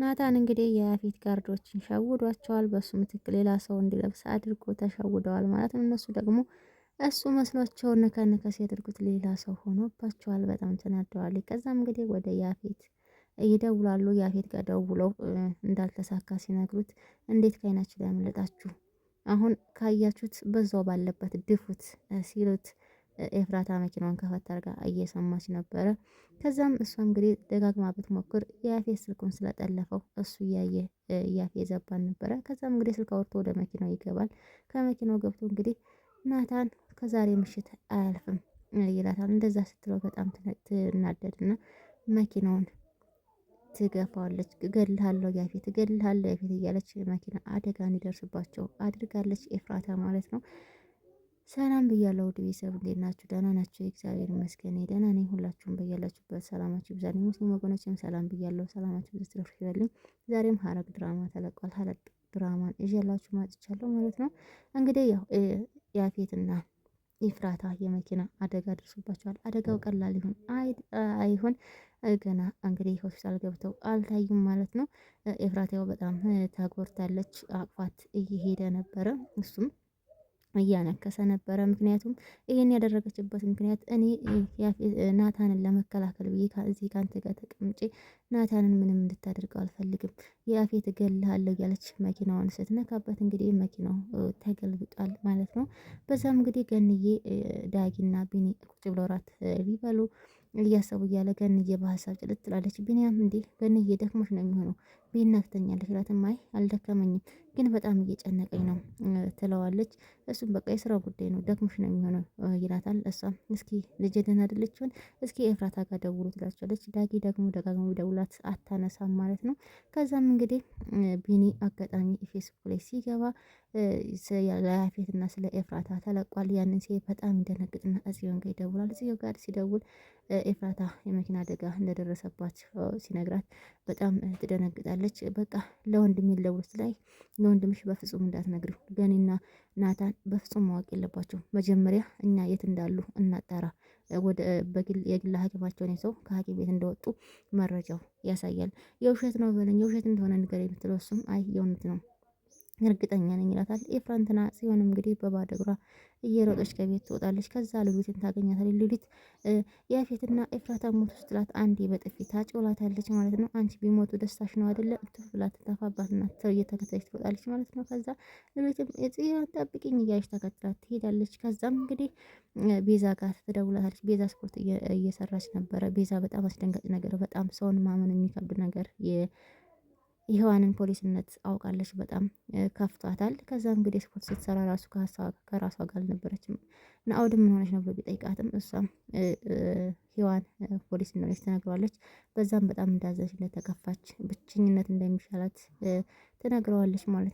ናታን እንግዲህ የያፌት ጋርዶችን ሸውዷቸዋል። በእሱ ምትክ ሌላ ሰው እንዲለብስ አድርጎ ተሸውደዋል ማለት ነው። እነሱ ደግሞ እሱ መስሏቸው ነከነከ ሲያደርጉት ሌላ ሰው ሆኖባቸዋል። በጣም ተናደዋል። ከዛም እንግዲህ ወደ ያፌት ይደውላሉ። ያፌት ጋር ደውለው እንዳልተሳካ ሲነግሩት እንዴት ከአይናችሁ ሊያመልጣችሁ አሁን ካያችሁት በዛው ባለበት ድፉት ሲሉት ኤፍራታ መኪናውን ከፈት አድርጋ እየሰማች ነበረ። ከዛም እሷ እንግዲህ ደጋግማ ብትሞክር የያፌ ስልኩን ስለጠለፈው እሱ እያየ እያፌ ዘባን ነበረ። ከዛም እንግዲህ ስልክ አውርቶ ወደ መኪናው ይገባል። ከመኪናው ገብቶ እንግዲህ ናታን ከዛሬ ምሽት አያልፍም ይላታል። እንደዛ ስትለው በጣም ትናደድና መኪናውን ትገፋዋለች። እገልሃለሁ ያፌት እገልሃለሁ ያፌት እያለች መኪና አደጋ እንዲደርስባቸው አድርጋለች ኤፍራታ ማለት ነው። ሰላም ብያለሁ ውድ ቤተሰብ እንዴት ናችሁ? ደህና ናቸው። እግዚአብሔር ይመስገን ደህና ነኝ። ሁላችሁም በያላችሁበት ሰላማችሁ ይብዛልኝ። ሙስሊም ወገኖችም ሰላም ብያለሁ። ሰላማችሁ ብዝትረፍ ይበልኝ። ዛሬም ሐረግ ድራማ ተለቋል። ሐረግ ድራማን እዤላችሁ ማጥቻለሁ ማለት ነው። እንግዲህ ያው ያፌትና ኤፍራታ የመኪና አደጋ ደርሶባቸዋል። አደጋው ቀላል ይሁን አይሁን ገና እንግዲህ ሆስፒታል ገብተው አልታዩም ማለት ነው። ኤፍራታው በጣም ታጎርታለች። አቅፋት እየሄደ ነበረ እሱም እያነከሰ ነበረ። ምክንያቱም ይህን ያደረገችበት ምክንያት እኔ ናታንን ለመከላከል ብዬ እዚህ ከአንተ ጋር ተቀምጬ ናታንን ምንም እንድታደርገው አልፈልግም፣ የአፌት እገልሃለሁ እያለች መኪናውን ስትነካበት እንግዲህ መኪናው ተገልብጧል ማለት ነው። በዛም እንግዲህ ገንዬ ዳጊና ቢኒ ቁጭ ብለው እራት ሊበሉ እያሰቡ እያለ ገንዬ በሀሳብ ጭልጥ ትላለች። ቢንያም እንዴ ገንዬ ደክሞች ነው የሚሆነው ቢናክ ተኛለች ማይ አልደከመኝም፣ ግን በጣም እየጨነቀኝ ነው ትለዋለች። እሱም በቃ የስራ ጉዳይ ነው ደክሞች ነው የሚሆነው ይላታል። እሷም እስኪ ልጄ ደህና አይደለች ይሆን እስኪ ኤፍራታ ጋር ደውሎ ትላቸዋለች። ዳጊ ደግሞ ደጋግሞ ደውላት አታነሳም ማለት ነው። ከዛም እንግዲህ ቢኒ አጋጣሚ ፌስቡክ ላይ ሲገባ ለያፌትና ስለ ኤፍራታ ተለቋል። ያንን ሲ በጣም ይደነግጥና እጽዮን ጋር ይደውላል። እጽዮን ጋር ሲደውል ኤፍራታ የመኪና አደጋ እንደደረሰባት ሲነግራት በጣም ትደነግጣለች። በቃ ለወንድም ለውርስ ላይ ለወንድምሽ በፍጹም እንዳትነግሪው፣ ገኔና ናታን በፍጹም ማወቅ የለባቸው መጀመሪያ እኛ የት እንዳሉ እናጣራ። ወደ በግል የግል ሐኪማቸውን ይዘው ከሐኪም ቤት እንደወጡ መረጃው ያሳያል። የውሸት ነው በለኝ፣ የውሸት እንደሆነ ንገረኝ ብትለው እሱም አይ የእውነት ነው እርግጠኛ ነኝ ይላታል። ኤፍራን ትና ጽዮንም እንግዲህ በባዶ እግሯ እየሮጠች ከቤት ትወጣለች። ከዛ ሉሊትን ታገኛታለች። ሉሊት ያፌትና ኤፍራታ ሞቱ ስትላት አንዴ በጥፊ ታጮላታለች ማለት ነው። አንቺ ቢሞቱ ደስታሽ ነው አይደለ? ትፍላት ተፋባትና ትተፋባትና እየተከተለች ትወጣለች ማለት ነው። ከዛ ሉሊትም ጽዮን ጠብቂኝ እያለች ተከትላት ትሄዳለች። ከዛም እንግዲህ ቤዛ ጋር ትደውላታለች። ቤዛ ስፖርት እየሰራች ነበረ። ቤዛ በጣም አስደንጋጭ ነገር፣ በጣም ሰውን ማመን የሚከብድ ነገር የህዋንን ፖሊስነት አውቃለች። በጣም ከፍቷታል። ከዛ እንግዲህ ስፖርት ስትሰራ ራሱ ከራሷ ጋር አልነበረችም። ናኦድም ምን ሆነች ነው ብሎ ቢጠይቃትም እሷም ህዋን ፖሊስ እንደሆነች ትነግረዋለች። በዛም በጣም እንዳዘች እንደተከፋች፣ ብቸኝነት እንደሚሻላት ትነግረዋለች ማለት ነው።